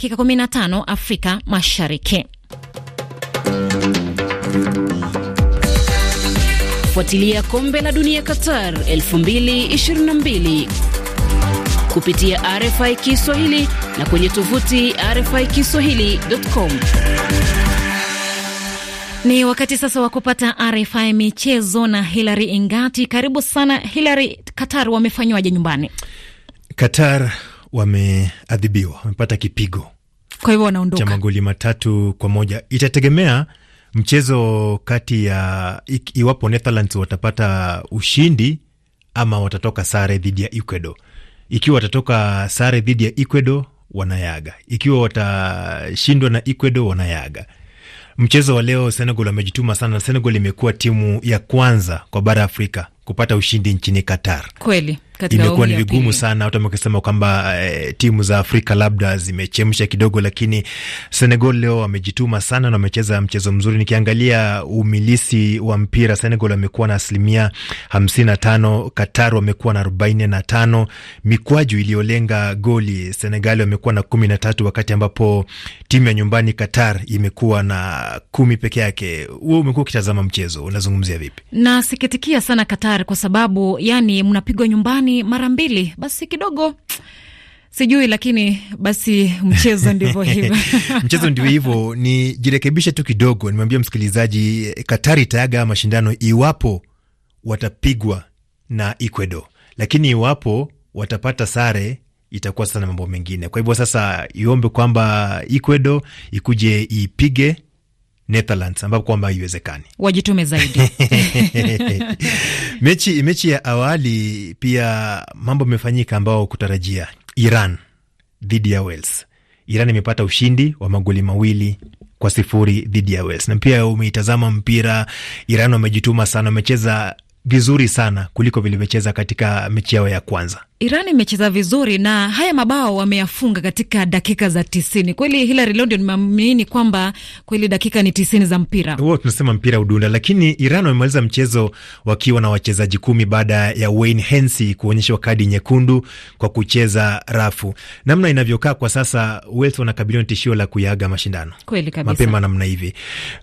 dakika 15 Afrika Mashariki. Fuatilia kombe la dunia Qatar 2022 kupitia RFI Kiswahili na kwenye tovuti RFI Kiswahili.com. Ni wakati sasa wa kupata RFI michezo na Hilary Ingati. Karibu sana Hilary. Qatar wamefanywaje nyumbani? Qatar wameadhibiwa, wamepata kipigo, kwa hivyo wanaondoka cha magoli matatu kwa moja. Itategemea mchezo kati ya iwapo Netherlands watapata ushindi ama watatoka sare dhidi ya Ecuador. Ikiwa watatoka sare dhidi ya Ecuador wanayaga, ikiwa watashindwa na Ecuador wanayaga. Mchezo wa leo Senegal wamejituma sana. Senegal imekuwa timu ya kwanza kwa bara Afrika kupata ushindi nchini Qatar, kweli imekuwa ni vigumu sana, watu wamekisema kwamba e, timu za Afrika labda zimechemsha kidogo, lakini Senegal leo wamejituma sana na wamecheza mchezo mzuri. Nikiangalia umilisi wa mpira, Senegal wamekuwa na asilimia hamsini na tano, Qatar wamekuwa na arobaini na tano. Mikwaju iliyolenga goli Senegali wamekuwa na kumi na tatu, wakati ambapo timu ya nyumbani Qatar imekuwa na kumi peke yake. Huo umekuwa ukitazama mchezo, unazungumzia vipi? Nasikitikia sana Qatar kwa sababu yani mnapigwa nyumbani ni mara mbili, basi kidogo sijui lakini basi mchezo ndivyo hivyo. mchezo ndio hivyo, nijirekebishe tu kidogo. Nimeambia msikilizaji, Katari itaaga mashindano iwapo watapigwa na Ecuador, lakini iwapo watapata sare itakuwa sasa na mambo mengine. Kwa hivyo sasa iombe kwamba Ecuador ikuje ipige Netherlands ambapo kwamba haiwezekani, wajitume zaidi mechi, mechi ya awali pia mambo amefanyika ambao kutarajia Iran dhidi ya Wales. Iran imepata ushindi wa magoli mawili kwa sifuri dhidi ya Wales, na pia umeitazama mpira, Iran wamejituma sana, wamecheza vizuri sana kuliko vilivyocheza katika mechi yao ya kwanza. Iran imecheza vizuri na haya mabao wameyafunga katika dakika za tisini. Kweli Hilary Londo, nimeamini kwamba kweli dakika ni tisini za mpira huo, tunasema mpira udunda, lakini Iran wamemaliza mchezo wakiwa na wachezaji kumi baada ya Wayne Hensey kuonyeshwa kadi nyekundu kwa kucheza rafu. Namna inavyokaa kwa sasa, Wales wanakabiliwa na tishio la kuyaga mashindano kweli kabisa, mapema namna hivi.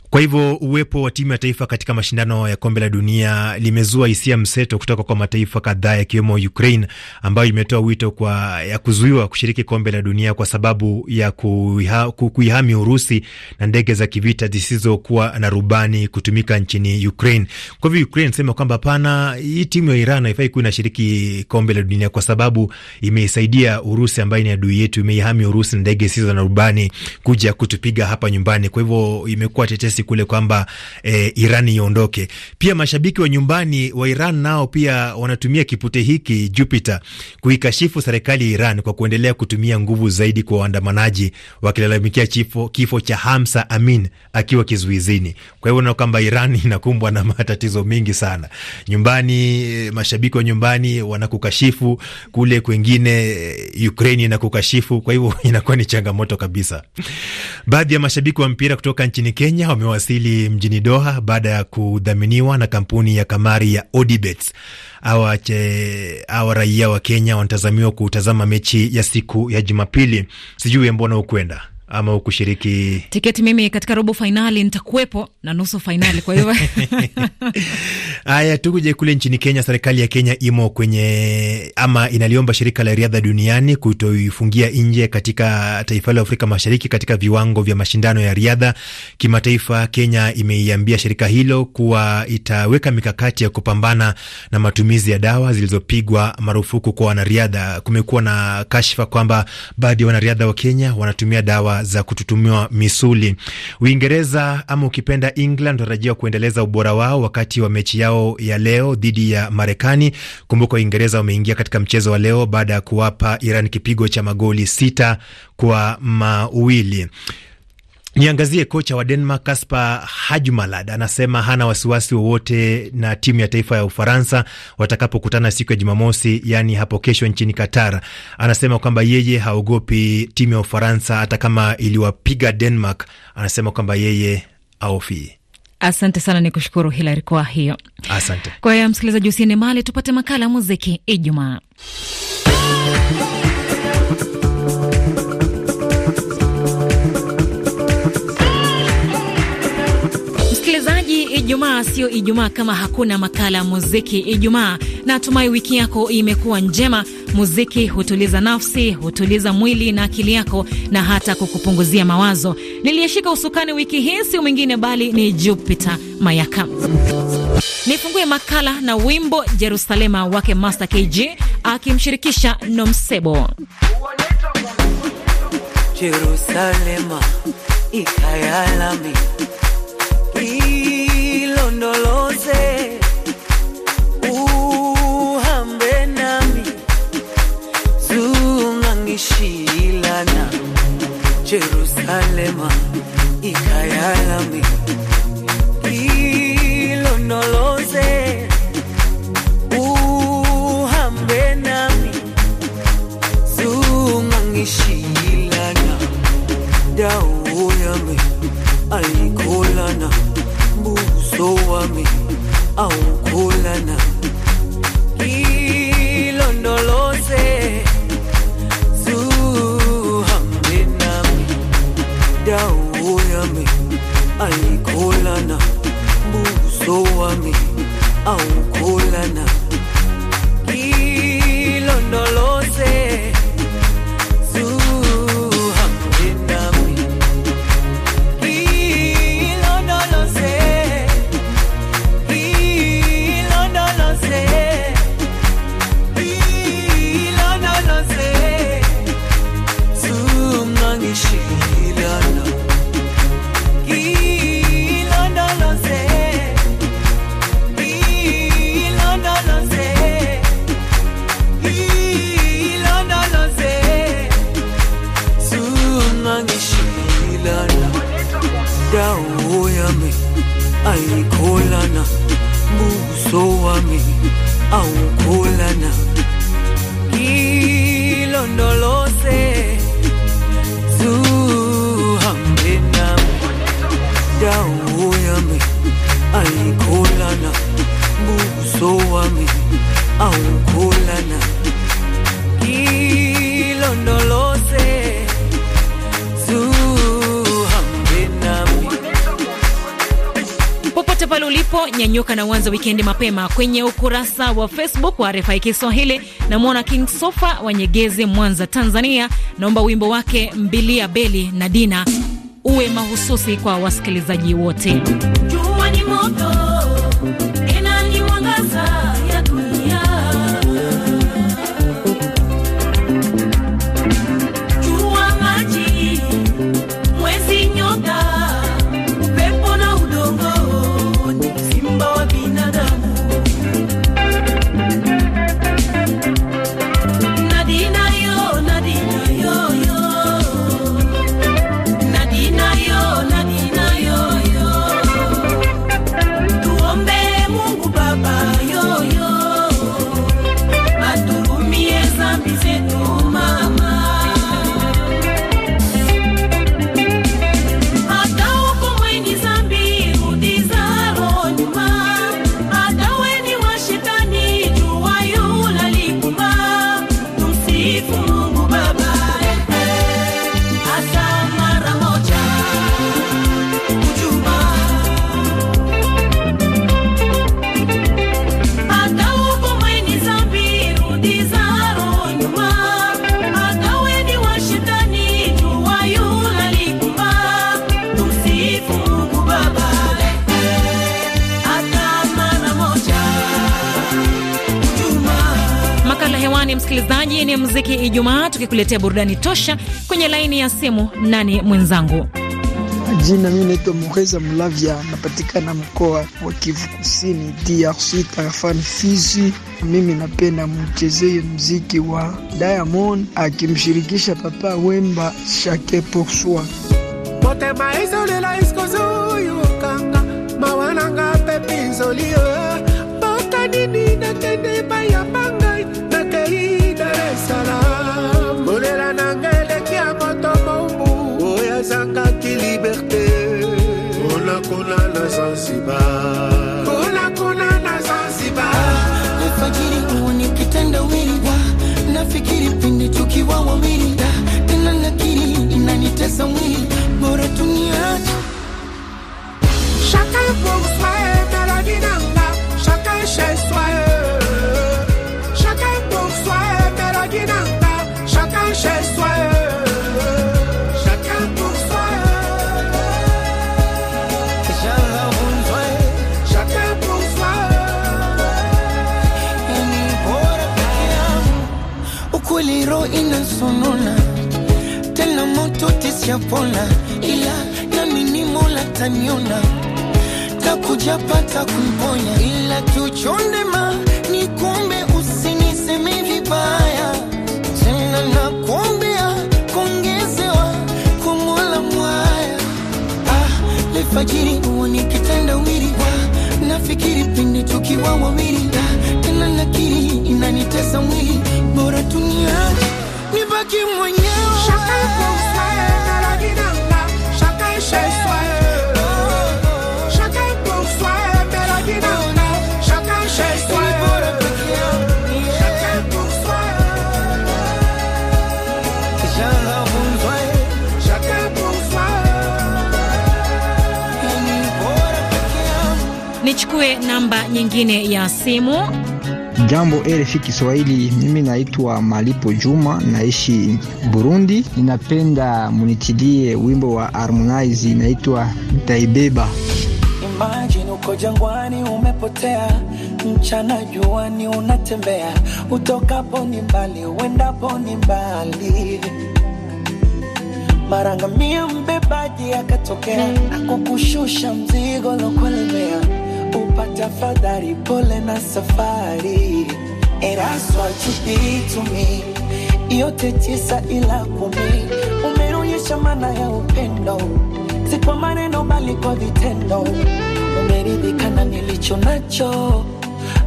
Kwa hivyo uwepo wa timu ya taifa katika mashindano ya kombe la dunia limezua hisia mseto kutoka kwa mataifa kadhaa yakiwemo Ukraine ambayo imetoa wito kwa ya kuzuiwa kushiriki kombe la dunia kwa sababu ya kuiha, kuihami Urusi na ndege za kivita zisizokuwa na rubani kutumika nchini Ukraine. Kwa hivyo Ukraine sema kwamba hapana, hii timu ya Iran haifai kuwa inashiriki kombe la dunia kwa sababu imeisaidia Urusi ambayo ni adui yetu, imeihami Urusi na ndege zisizo na rubani kuja kutupiga hapa nyumbani. Kwa hivyo imekuwa tetesi kule kwamba eh, Iran iondoke. Pia mashabiki wa nyumbani wa Iran nao pia wanatumia kipute hiki Jupiter kuikashifu serikali ya Iran kwa kuendelea kutumia nguvu zaidi kwa waandamanaji wakilalamikia kifo cha Hamsa Amin akiwa kizuizini. Kwa hivyo unaona kwamba Iran inakumbwa na matatizo mengi sana. Nyumbani, mashabiki wa nyumbani wanakukashifu, kule kwengine eh, Ukraine inakukashifu. Kwa hivyo inakuwa ni changamoto kabisa. Baadhi ya mashabiki wa mpira kutoka nchini Kenya wamewasili mjini Doha baada ya kudhaminiwa na kampuni ya kamari ya Odibet awa raia wa Kenya wanatazamiwa kutazama mechi ya siku ya Jumapili. Sijui mbona hukwenda ama kushiriki tiketi. Mimi katika robo fainali nitakuwepo na nusu fainali, kwa hiyo haya, tukuje kule nchini Kenya. Serikali ya Kenya imo kwenye ama inaliomba shirika la riadha duniani kutoifungia nje katika taifa la Afrika Mashariki katika viwango vya mashindano ya riadha kimataifa. Kenya imeiambia shirika hilo kuwa itaweka mikakati ya kupambana na matumizi ya dawa zilizopigwa marufuku kwa wanariadha. Kumekuwa na kashfa kwamba baadhi ya wanariadha wa Kenya wanatumia dawa za kututumiwa misuli. Uingereza ama ukipenda England wanatarajiwa kuendeleza ubora wao wakati wa mechi yao ya leo dhidi ya Marekani. Kumbuka Uingereza wameingia katika mchezo wa leo baada ya kuwapa Iran kipigo cha magoli sita kwa mawili. Niangazie kocha wa Denmark Kasper Hajmalad anasema hana wasiwasi wowote na timu ya taifa ya Ufaransa watakapokutana siku ya Jumamosi, yaani hapo kesho, nchini Qatar. Anasema kwamba yeye haogopi timu ya Ufaransa hata kama iliwapiga Denmark. Anasema kwamba yeye aofii Asante sana, ni kushukuru Hilari kwa hiyo. Asante kwa hiyo, msikilizaji, usiende mbali, tupate makala ya muziki Ijumaa. Msikilizaji, Ijumaa sio Ijumaa kama hakuna makala muziki Ijumaa. Natumai wiki yako imekuwa njema. Muziki hutuliza nafsi, hutuliza mwili na akili yako, na hata kukupunguzia mawazo. Niliyeshika usukani wiki hii sio mwingine bali ni Jupiter Mayaka. Nifungue makala na wimbo Jerusalema wake Master KG akimshirikisha Nomsebo. Jerusalema llama hija Yagami. Hilo no lo sé, uhambe nami, sungangishilana, dawo yami, alikolana, buso wami, awukolana. Hilo so wami awukholana indawo yami ayikholana buso wami awukholana ngilondoloze zuhambe nami indawo yami ayikholana buso wami awukholana ulipo, nyanyuka na uanza wikendi mapema. Kwenye ukurasa wa Facebook wa RFI Kiswahili namwona King Sofa nyegezi Mwanza, Tanzania. Naomba wimbo wake Mbilia Beli na Dina uwe mahususi kwa wasikilizaji wote. ya muziki Ijumaa, tukikuletea burudani tosha kwenye laini ya simu. Nani mwenzangu? Jina mi naitwa Mureza Mlavya, napatikana mkoa wa Kivu Kusini, DRC, tarafani Fizi. Mimi napenda mchezee mziki wa Diamond akimshirikisha Papa Wemba, shake porsoi mote maizolela iskozuyukanga mawananga pepinzolio Zanzibar. roho inasonona tena moto tesiapona, ila na ni Mola taniona, takujapata kumponya, ila kiuchondema ni kumbe, usiniseme vibaya tena, nakuombea kuongezewa kwa Mola mwaya. Ah, lefajiri uone kitendawili nafikiri pindi tukiwa wawili, ah, tena nakiri inanitesa mwili bora tuniache nibaki mwenyewe. Nichukue namba nyingine ya simu. Jambo RFI Kiswahili, mimi naitwa Malipo Juma, naishi Burundi. Ninapenda munitilie wimbo wa Harmonize inaitwa Taibeba. Imagine uko jangwani umepotea, mchana juani unatembea, utokapo ni mbali, uendapo ni mbali. Mara mbebaji akatokea, akukushusha mzigo lokulemea upata fadhari pole na safari. Eraswa chupitumi yote tisa ila kumi, umeonyesha maana ya upendo, si kwa maneno bali kwa vitendo. Umeridhika nilicho nacho,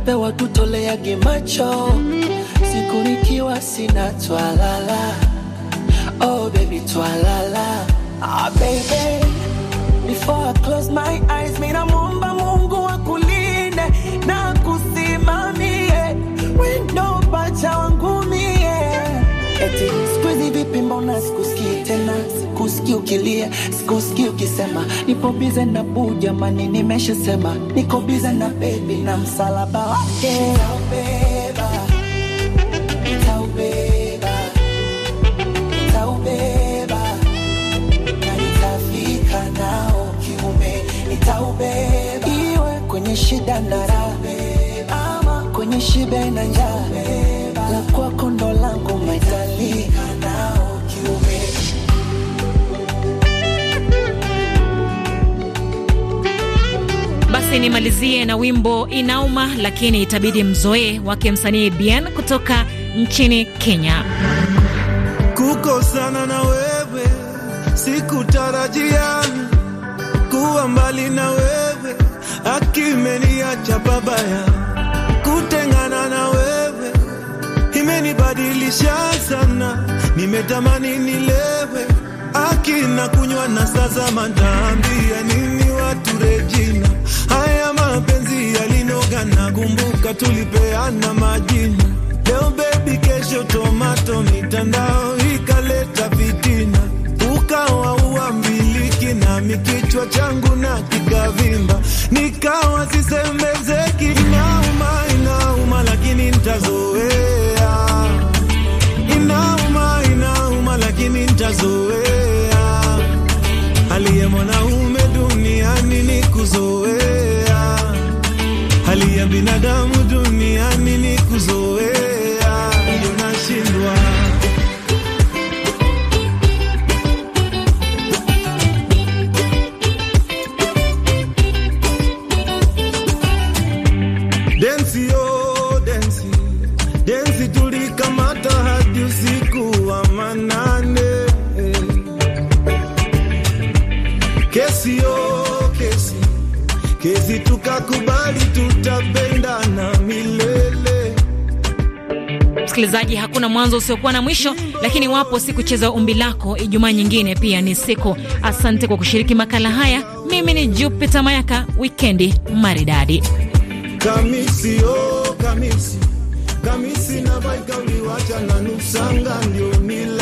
pewa tutoleage gemacho, siku nikiwa sina twalala. Oh baby twalala, ah baby, before I close my eyes, mina muomba Mungu acha wangumie, eti siku hizi vipi, mbona sikusikii tena, sikusikii ukilia, sikusikii ukisema nipo bize na buu. Jamani, nimeshasema niko bize na bebi na msalaba wake iwe kwenye shida na raha ama kwenye shibe na njaa Basi nimalizie na wimbo inauma, lakini itabidi mzoe wake msanii Bien kutoka nchini Kenya. Kukosana na wewe sikutarajia, kuwa mbali na wewe akimeniacha babaya, kutengana na wewe imenibadilisha sana, nimetamani nilewe, akina kunywa na sasa, mataambia nini watureji mapenzi yalinoga, na kumbuka tulipeana majina. Leo baby, kesho tomato, mitandao ikaleta vitina ukawa uambiliki, na mikichwa changu na kikavimba, nikawa sisemezeki. Inauma, inauma, lakini ntazoea. Inauma, inauma, lakini ntazoea ya binadamu duniani ni kuzoea, ndio usiku wa manane kesi oh, kesi kezi tukakubali, tutapendana milele. Msikilizaji, hakuna mwanzo usiokuwa na mwisho, lakini wapo siku cheza umbi lako. Ijumaa nyingine pia ni siku. Asante kwa kushiriki makala haya. Mimi ni Jupiter Mayaka, wikendi maridadi. Kamisi, oh, kamisi. Kamisi na baika uliwacha na nusanga ndio mila